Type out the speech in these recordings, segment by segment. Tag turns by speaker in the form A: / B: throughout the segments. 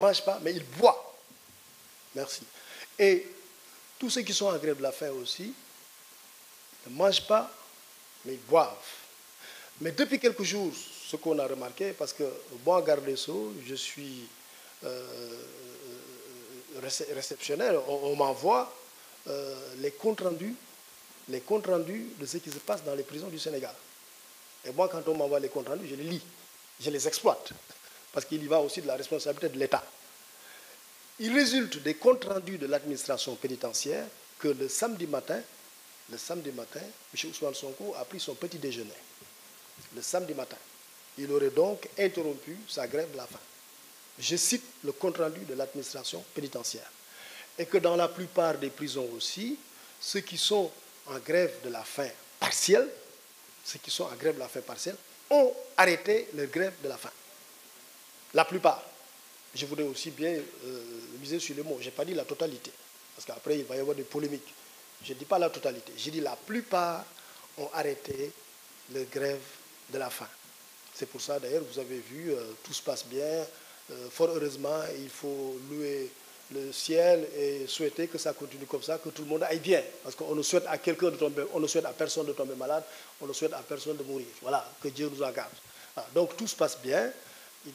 A: mange pas, mais ils boivent. Merci. Et tous ceux qui sont en grève de la faim aussi ne mangent pas, mais ils boivent. Mais depuis quelques jours, ce qu'on a remarqué, parce que moi, garde des Sceaux, je suis euh, réceptionnaire, on, on m'envoie euh, les comptes rendus de ce qui se passe dans les prisons du Sénégal. quand on m'envoie les comptes rendus, je les lis, je les exploite. parce qu'il y va aussi de la responsabilité de l'État. Il résulte des comptes rendus de l'administration pénitentiaire que le samedi matin, le samedi matin, M. Ousmane Sonko a pris son petit déjeuner. Le samedi matin. Il aurait donc interrompu sa grève de la faim. Je cite le compte rendu de l'administration pénitentiaire. Et que dans la plupart des prisons aussi, ceux qui sont en grève de la faim partielle, ceux qui sont en grève de la faim partielle, ont arrêté leur grève de la faim. La plupart. Je voudrais aussi bien euh, miser sur les mots. Je n'ai pas dit la totalité, parce qu'après, il va y avoir des polémiques. Je ne dis pas la totalité. J'ai dit la plupart ont arrêté les grèves de la faim. C'est pour ça, d'ailleurs, vous avez vu, euh, tout se passe bien. Euh, fort heureusement, il faut louer le ciel et souhaiter que ça continue comme ça, que tout le monde aille bien. Parce qu'on ne souhaite à quelqu'un de tomber, malade, on ne souhaite à personne de mourir. Voilà,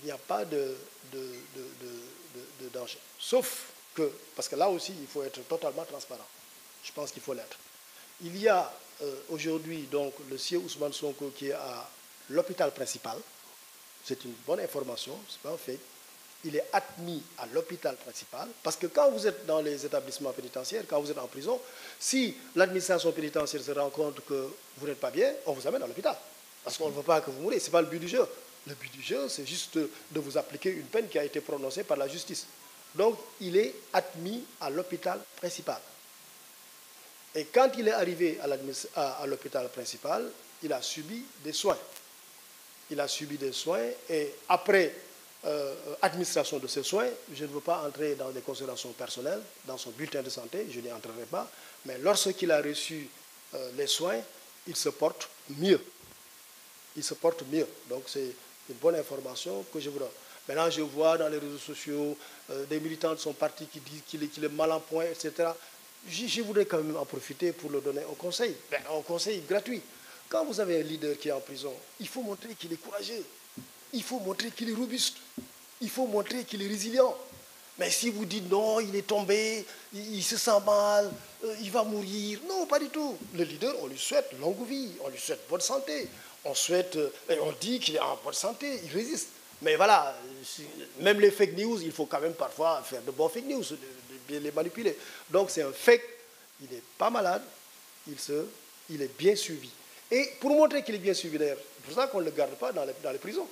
A: il n'y a pas de, de, de, de, danger. Sauf que, parce que là aussi, il faut être totalement transparent. Je pense qu'il faut l'être. Il y a euh, aujourd'hui donc le sieur Ousmane Sonko qui est à l'hôpital principal. C'est une bonne information, c'est pas un fait. Il est admis à l'hôpital principal parce que quand vous êtes dans les établissements pénitentiaires, quand vous êtes en prison, si l'administration pénitentiaire se rend que vous n'êtes pas bien, on vous amène à l'hôpital. Parce qu'on ne veut Le but du jeu, c'est juste de vous appliquer une peine qui a été prononcée par la justice. Donc, il est admis à l'hôpital principal. Et quand il est arrivé à l'hôpital principal, il a subi des soins. Il a des soins et après euh, euh, administration de ces soins, je ne veux pas entrer dans des considérations personnelles, dans son bulletin de santé, je n'y entrerai pas, mais lorsqu'il a reçu euh, les soins, il se porte mieux. Il se porte mieux. Donc c'est une bonne information que je vous donne. Maintenant, je vois dans les réseaux sociaux euh, des militants de son parti qui disent qu'il est, mal en point, etc. Je, voudrais quand pour le donner au conseil, ben, au conseil gratuit. Quand vous avez un leader qui est en prison, il faut montrer qu'il est courageux, il faut montrer qu'il est robuste, il faut montrer qu'il est résilient. Mais si vous dites non, il est tombé, il, se sent mal, euh, il va mourir, non, pas du tout. Le leader, on lui souhaite longue vie, on lui souhaite bonne santé, on souhaite, euh, et on dit qu'il est en bonne santé, il résiste. Mais voilà, même les fake news, il faut quand même parfois faire de bons fake news, les manipuler. Donc c'est un fake, il n'est pas malade, il, est bien suivi. Et pour montrer bien suivi pour ça qu'on ne le garde pas dans les, dans les prisons.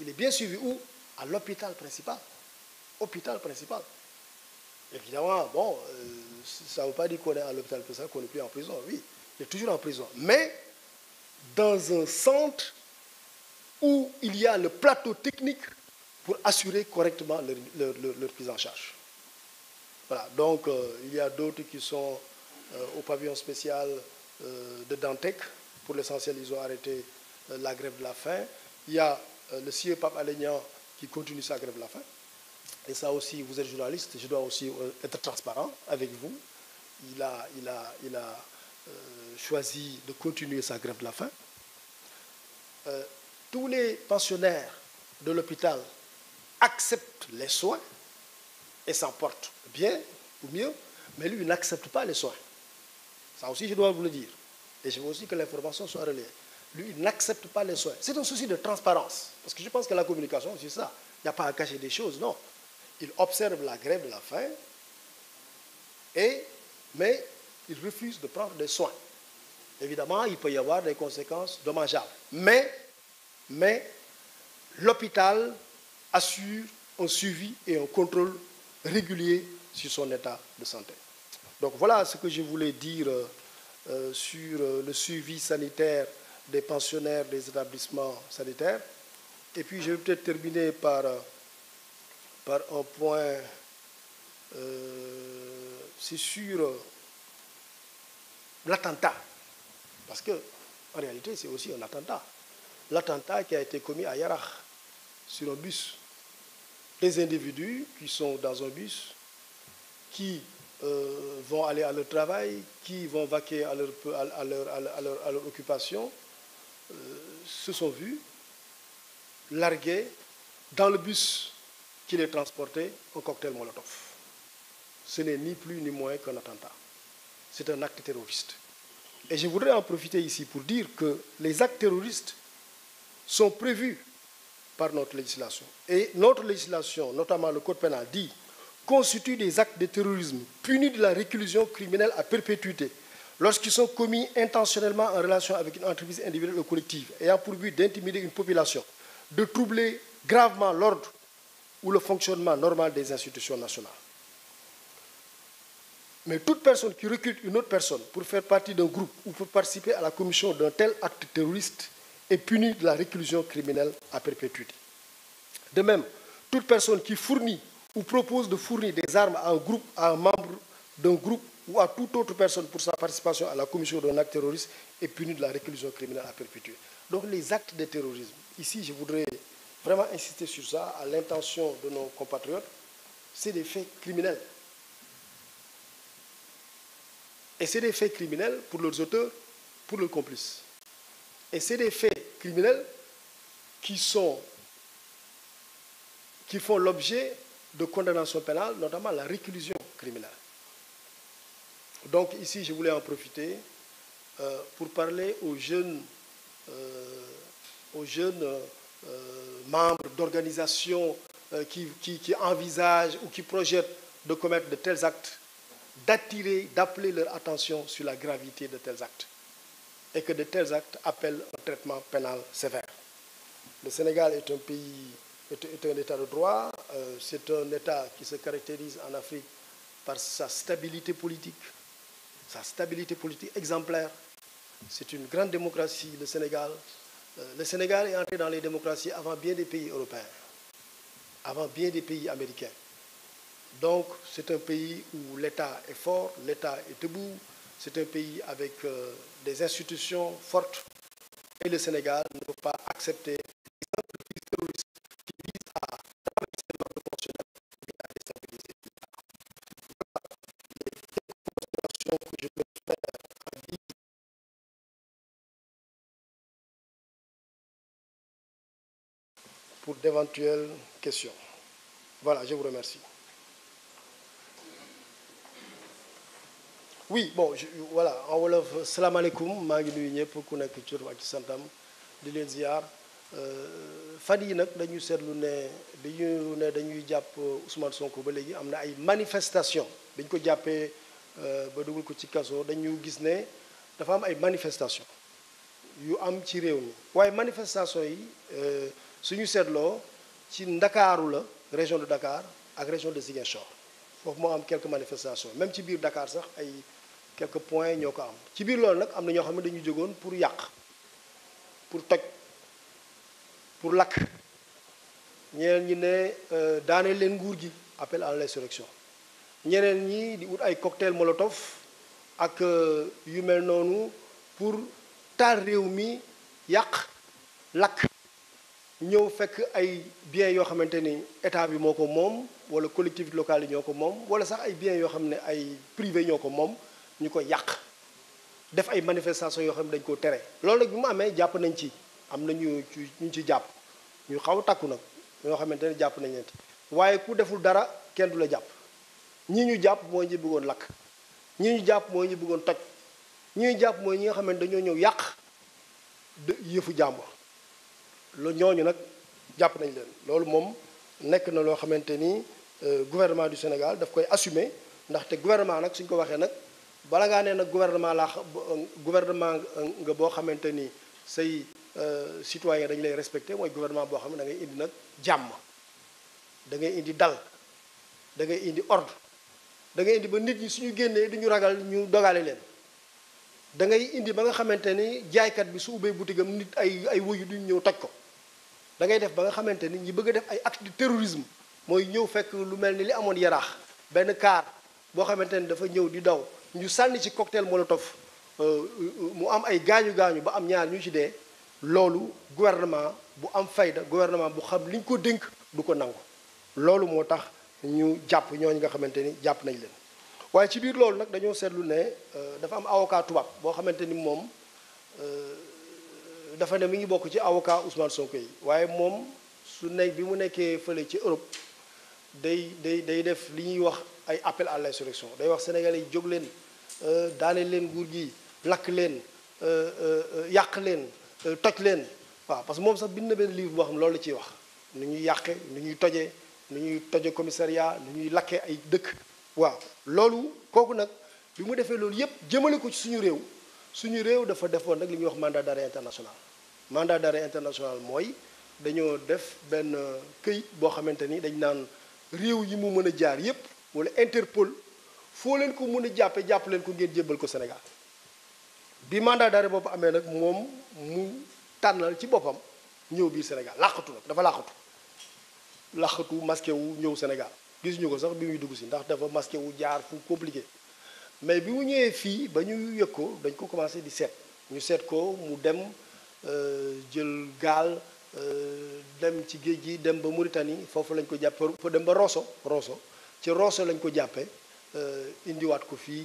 A: Il est bien suivi où À l'hôpital principal. Évidemment, bon, euh, veut pas dire qu'on est à l'hôpital principal, Oui, il est toujours en prison. dans un centre où il y a le plateau technique pour assurer correctement leur, leur, leur, prise en charge. donc euh, il y a d'autres qui sont euh, au pavillon spécial euh, de Dantec. Pour l'essentiel, ils ont arrêté la grève de la faim. Il y a le CIE Pape Alignan qui continue sa grève de la faim. Et vous êtes journaliste, je dois aussi être transparent avec vous. Il a, a Euh, choisi de continuer sa grève de la faim. Euh, tous les pensionnaires de l'hôpital acceptent les soins et s'en bien ou mieux, mais lui, il pas les soins. Ça aussi, je dois vous le dire. Et je veux aussi que l'information soit relayée. Lui, il n'accepte pas les soins. C'est un souci de transparence. Parce que je pense que la communication, c'est ça. Il n'y a pas à cacher des choses, non. Il observe la grève de la faim, et, mais ils refusent de prendre des soins. Évidemment, il peut y avoir des conséquences dommageables. Mais, mais l'hôpital assure un suivi et un contrôle régulier sur son état de santé. Donc voilà ce que je voulais dire euh, euh, sur euh, le suivi sanitaire des pensionnaires des établissements sanitaires. Et puis je vais peut-être terminer par, par un point, euh, c'est sûr, l'attentat. Parce que, en réalité, c'est aussi un attentat. L'attentat qui a été commis à Yarach, sur un bus. Des individus qui sont dans un bus, qui euh, vont aller à leur travail, qui vont vaquer à leur, à leur, à leur, à occupation, euh, se sont vus larguer dans le bus qui les transportait un cocktail Molotov. Ce n'est ni plus ni moins qu'un attentat. c'est un acte terroriste. Et je voudrais en profiter ici pour dire que les actes terroristes sont prévus par notre législation. Et notre législation, notamment le Code pénal, dit constituent des actes de terrorisme punis de la réclusion criminelle à perpétuité lorsqu'ils sont commis intentionnellement en relation avec une entreprise individuelle ou collective ayant pour but d'intimider une population, de troubler gravement l'ordre ou le fonctionnement normal des institutions nationales. Mais toute personne qui recrute une autre personne pour faire partie d'un groupe ou pour participer à la commission d'un tel acte terroriste est punie de la réclusion criminelle à perpétuité. De même, toute personne qui fournit ou propose de fournir des armes à un groupe, à un membre d'un groupe ou à toute autre personne pour sa participation à la commission d'un acte terroriste est punie de la réclusion criminelle à perpétuité. Donc les actes de terrorisme, ici je voudrais vraiment insister sur ça à l'intention de Et c'est des faits criminels pour leurs auteurs, pour leurs complices. Et c'est des faits criminels qui sont qui font l'objet de condamnations pénales, notamment la réclusion criminelle. Donc ici, je voulais en profiter euh, pour parler aux jeunes, euh, aux jeunes euh, membres d'organisations euh, qui, qui, qui envisagent ou qui projettent de commettre de tels actes d'attirer, d'appeler leur attention sur la gravité de tels actes et que de tels actes appellent un traitement pénal sévère. Le Sénégal est un pays, est, est un État de droit, euh, c'est un État qui se caractérise en Afrique par sa stabilité politique, sa stabilité politique exemplaire. C'est une grande démocratie, le Sénégal. Euh, le Sénégal est entré dans les démocraties avant bien des pays européens, avant bien des pays américains. Donc c'est un pays où l'État est fort, l'État est debout, c'est un pays avec euh, des institutions fortes et le Sénégal ne pas accepter des entreprises qui visent à traverser notre fonctionnel et à que je peux faire à dire. pour d'éventuelles questions. Voilà, je vous remercie. oui bon je, voilà en wolof salaamaaleykum maa ngi nuyu ñëpp ku nekk ci ak ci santam di leen ziar euh, fan yi nag dañu seetlu ne bi ñu ne dañuy jàpp Ousmane Sonko ba léegi am na ay manifestation dañ ko jàppee euh, ba dugal ko ci kaso dañu gis ne dafa am ay manifestation yu am ci réew mi waaye manifestation yi euh, suñu seetloo ci ndakaaru la région de Dakar ak région de Ziguinchor foofu moo am quelque manifestation même ci biir Dakar sax ay quelques points ñoo ko am ci biir loolu nag am na ñoo xam ne dañu jógoon pour yàq pour toj pour lakk ñeneen ñi ne euh, daaneel leen nguur gi appel à l'insurrection ñeneen ñi di ay cocktail molotov ak euh, yu mel noonu pour taal réew mi yàq lakk ñëw fekk ay biens yoo xamante ni état bi moo ko moom wala collectivités locales yi ñoo ko moom wala sax ay biens yoo xam ne ay privé ñoo ko moom ñu koy yàq def ay manifestation yoo xam ne dañ koo tere loolu nag bi mu amee jàpp nañ ci am na ñu ñu ci jàpp ñu xaw a takku nag ñoo xamante ne jàpp nañ leen waaye ku deful dara kenn du la jàpp ñi ñu jàpp mooy ñi bëggoon lakk ñi ñu jàpp mooy ñi bëggoon toj ñi jàpp mooy ñi nga xam dañoo ñëw yàq de yëfu jàmbur loolu ñooñu nag jàpp nañ leen loolu moom nekk na loo xamante ni euh, gouvernement du Sénégal daf koy assumer ndaxte gouvernement nag suñ ko waxee nag bala ngaa nee nag gouvernement laa euh, gouvernement euh, nga boo xamante ni say euh, citoyen dañ lay respecté mooy gouvernement boo xam ne da ngay indi nag jàmm da ngay indi dal da indi ordre da indi ba nit ñi suñu génnee du ñu ragal ñu dogale leen da ngay indi ba nga xamante ni jaaykat bi su ubbee boutique am nit ay ay wuyu ñëw toj ko da ngay def ba nga xamante ni ñi bëgg a def ay acte de mooy ñëw fekk lu mel ni li amoon yaraax benn kaar boo xamante ni dafa ñëw di daw ñu sànni ci cocktail molotov euh, euh, mu am ay gaañu gaañu ba am ñaar ñu ci dee loolu gouvernement bu am fayda gouvernement bu xam li ñu ko dénk du ko nangu loolu moo tax ñu jàpp ñooñu nga xamante ni jàpp nañ leen waaye ci biir loolu nag dañoo seetlu ne euh, dafa am avocat tubaab boo xamante ni moom dafa ne mi ngi bokk ci awokaa Ousmane Sonko yi waaye moom su nekk bi mu nekkee fële ci Europe day day day def li ñuy wax ay appel à l'insurrection day wax sénégalais yi jóg leen euh, daale leen nguur gi lakk leen euh, euh, yàq leen toj leen waaw parce que moom sax bind na benn lii boo xam loolu la ciy wax nu ñuy yàqee nu ñuy tojee nu ñuy toje commissariat nu ñuy lakkee ay dëkk waaw loolu kooku nag bi mu defee loolu yëpp jëmale ko ci suñu réew suñu réew dafa defoon nag li ñuy wax mandat d'arrêt international mandat d'arrêt international mooy dañoo def benn këyit boo xamante ni dañ naan réew yi mu mën a jaar yépp wala Interpol foo leen ko mën a jàppe jàpp leen ko ngeen jébbal ko Sénégal bi mandat d'arrêt boobu amee nag moom mu tànnal ci boppam ñëw biir Sénégal làqatu nag dafa làqatu làqatu masqué wu ñëw Sénégal gisuñu ko sax bi muy dugg si ndax dafa masqué wu jaar fu compliqué mais bi mu ñëwee fii ba ñu yëg ko dañ ko commencé di seet ñu seet ko mu dem euh, jël gaal euh, dem ci géej gi dem ba Mauritanie foofu lañ ko jàpp fa dem ba Rosso roso ci Rosso lañ ko jàppee euh, indiwaat ko fii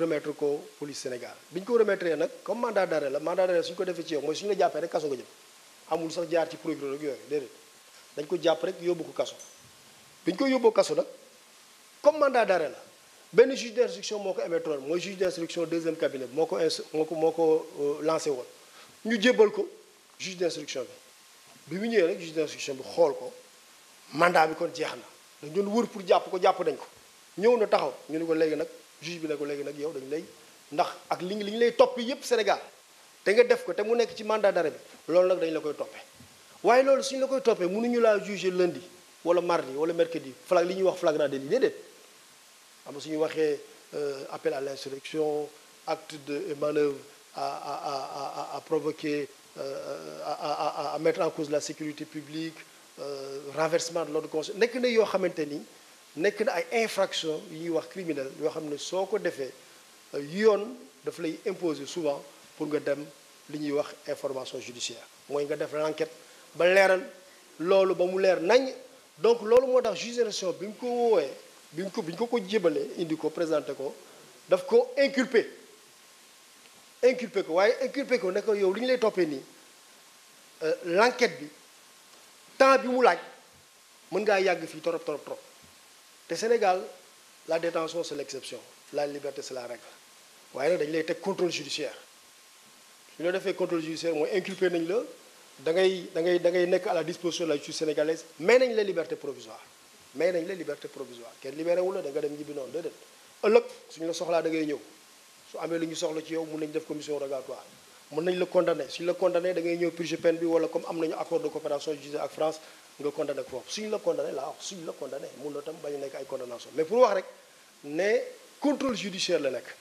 A: remettre ko police Sénégal bi ñu ko remettre nag comme mandat d'arrêt la mandat d'arrêt su ñu ko defee ci yow mooy su la jàppee rek kaso nga jëm amul sax jaar ci procureur ak yooyu déedéet dañ ko jàpp rek yóbbu ko kaso bi ñu ko yóbboo kaso nag comme mandat d'arrêt la benn juge d'instruction moo ko émettre mooy juge d'instruction deuxième cabinet moo ko inst moo ko moo ko euh, lancé woon ñu jébbal ko juge d'instruction bi bi mu ñëwee rek juge d'instruction bi xool ko mandat bi kon jeex na dañ doon wër pour jàpp ko jàpp nañ ko ñëw na taxaw ñu ne ko léegi nag juge bi nag ko léegi nag yow dañ lay ndax ak li li ñu lay topp yépp Sénégal te nga def ko te mu nekk ci mandat d'arrêt bi loolu nag dañu la koy toppe waaye loolu suñu la koy toppee mu mënuñu laa juger lundi wala mardi wala mercredi flag li ñuy wax flagrant délit déedéet am suñu waxee euh, appel à l'insurrection acte de manœuvre à à à a provoquer euh, à à à mettre en cause la sécurité publique Euh, renversement de l'ordre constitutionnel nekk na yoo xamante ni nekk na ay infraction yu ñuy wax criminel yoo xam ne soo ko defee euh, yoon daf lay imposer souvent pour nga dem li ñuy wax information judiciaire mooy nga def l'enquête ba leeral loolu ba mu leer nañ donc loolu moo tax juge d'instruction bi ñu ko woowee bi ñu ko bi ñu ko ko jébalee indi ko présenté ko daf ko inculpé inculpé ko waaye inculpé ko ne yow li ñu lay toppee nii euh, l'enquête bi temps bi mu laaj mën ngaa yàgg fii trop trop trop te Sénégal la détention c'est l'exception la liberté c'est la règle waaye nag dañu lay teg contrôle judiciaire ñu la defee contrôle judiciaire mooy inculpé nañ la da ngay da ngay nekk à la disposition de la justice sénégalaise may nañ la liberté provisoire may nañ la liberté provisoire kenn libéré wu la da nga dem ñibbi noonu déedéet ëllëg suñu la soxlaa da ngay ñëw su amee lu ñu soxla ci yow mun nañ def commission rogatoire mën nañ la condamné suñ la condamné da ngay ñëw purge peine bi wala comme am nañu accord de coopération judiciaire ak France nga condamné ko foofu suñ la condamné laa wax suñ la condamné mun na tam bañ a nekk ay condamnation mais pour wax rek ne contrôle judiciaire la nekk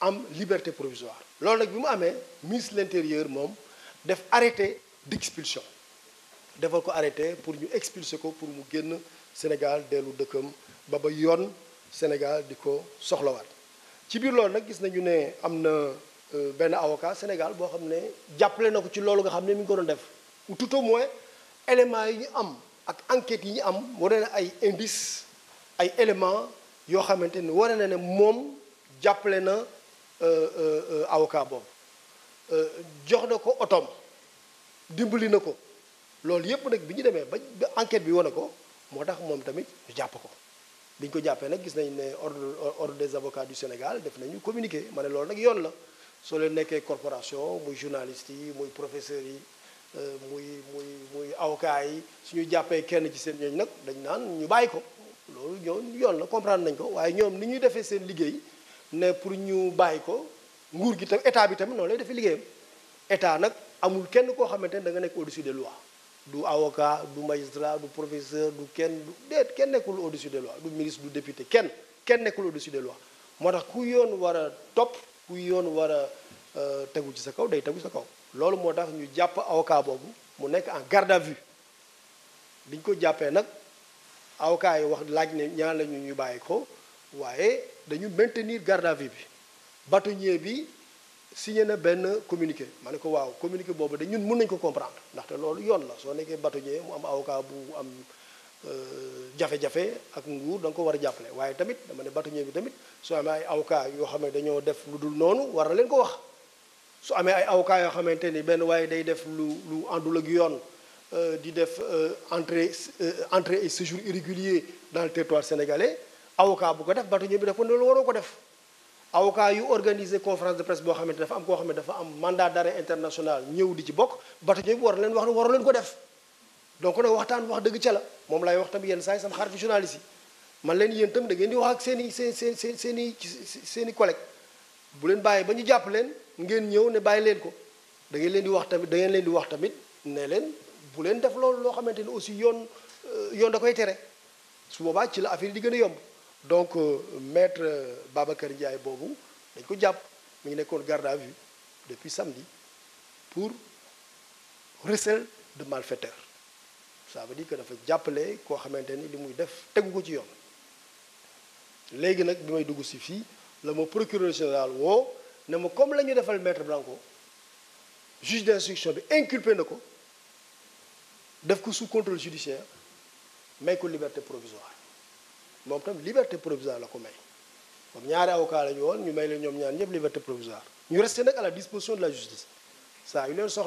A: am liberté provisoire loolu nag bi mu amee ministre de l'intérieur moom def arrêté d'expulsion defal ko arrêté pour ñu expulser ko pour mu génn Sénégal dellu dëkkam ba ba yoon Sénégal di ko soxlawaat ci nag gis nañu ne am na Euh, benn avocat Sénégal boo xam ne jàppale na ko ci loolu nga xam ne mi ngi ko doon def tout au moins éléments yi ñu am ak enquêtes yi ñu am wane na ay indices ay éléments yoo xamante ni wane na ne moom jàppale na euh, euh, avocat boobu jox na ko otoom dimbali na ko loolu yëpp nag bi ñu demee ba enquête bi wane ko moo tax moom tamit ñu jàpp ko bi ñu ko jàppee nag gis nañ ne ordre ordre de avocats du Sénégal def nañu communiqué ma ne loolu nag yoon la. soo leen nekkee corporation muy journaliste yi muy professeurs yi euh, muy muy muy avocat yi su ñu jàppee kenn ci seen ñooñ nag dañ naan ñu bàyyi ko loolu ñoom yoon la comprendre nañ ko waaye ñoom ni ñuy defee seen liggéey ne pour ñu bàyyi ko nguur gi tam état bi tamit noonu lay defee liggéeyam état nag amul kenn koo xamante ne da nga nekk au-dessus des lois du avocat du magistrat du professeur du kenn du déet kenn nekkul au-dessus des lois du ministre du député kenn kenn nekkul au-dessus des lois moo tax ku yoon war a topp ku yoon war a euh, tegu ci sa kaw day tegu sa kaw loolu moo tax ñu jàpp avocat boobu mu nekk en garde à vue biñ ko jàppee nag avocat yi wax laaj ne ñaan lañu ñu ñu bàyyi ko waaye dañu maintenir garde à vue bi bâtonnier bi signé na benn communiqué ma ne ko waaw communiqué boobu de ñun mën nañu ko comprendre ndaxte loolu yoon la soo nekkee bâtonnier mu am avocat bu am Euh, jafe-jafe ak nguur da ko war a jàppale waaye tamit dama ne bâtonnier bi tamit su amee ay awka yoo xam ne dañoo def lu dul noonu war na leen ko wax su amee ay awka yoo xamante ni benn waaye day def lu lu àndul ak yoon euh, di def euh, entrée entrée et séjour irrégulier dans le territoire sénégalais awka bu ko def bâtonnier bi def ko ne loolu waroo ko def awka yu organiser conférence de presse boo xamante dafa am koo xam ne dafa am mandat d'arrêt international ñëw di ci bokk bâtonnier bi war na leen wax ne waroo leen ko def donc nag waxtaan wax dëgg ca la moom lay wax tamit yenn saa yi sama xarit journaliste yi man leen yéen tam da ngeen di wax ak seeni i seen seeni seen bu leen bàyyi ba ñu jàpp leen ngeen ñëw ne bàyyi leen ko da ngeen leen di wax tamit da leen di wax ne leen bu leen def loolu loo xamante ni aussi yoon euh, yoon da koy tere su boobaa ci la affaire di gën a yomb donc euh, maître euh, Babacar Ndiaye boobu dañ ko jàpp mu ngi nekkoon garde à vue depuis samedi pour recel de malfaiteur ça veut dire que dafa jàppale koo xamante ni li muy def tegu ko ci yoon léegi nag bi may dugg si fii la ma procureur général woo ne ma comme la ñu defal maître Blanco juge d'instruction bi inculpé na ko def ko sous contrôle judiciaire may ko liberté provisoire moom tam liberté provisoire la ko may comme ñaari avocat la ñu woon ñu may leen ñoom ñaar ñëpp liberté provisoire ñu resté nag à la disposition de la justice saa yu leen soxla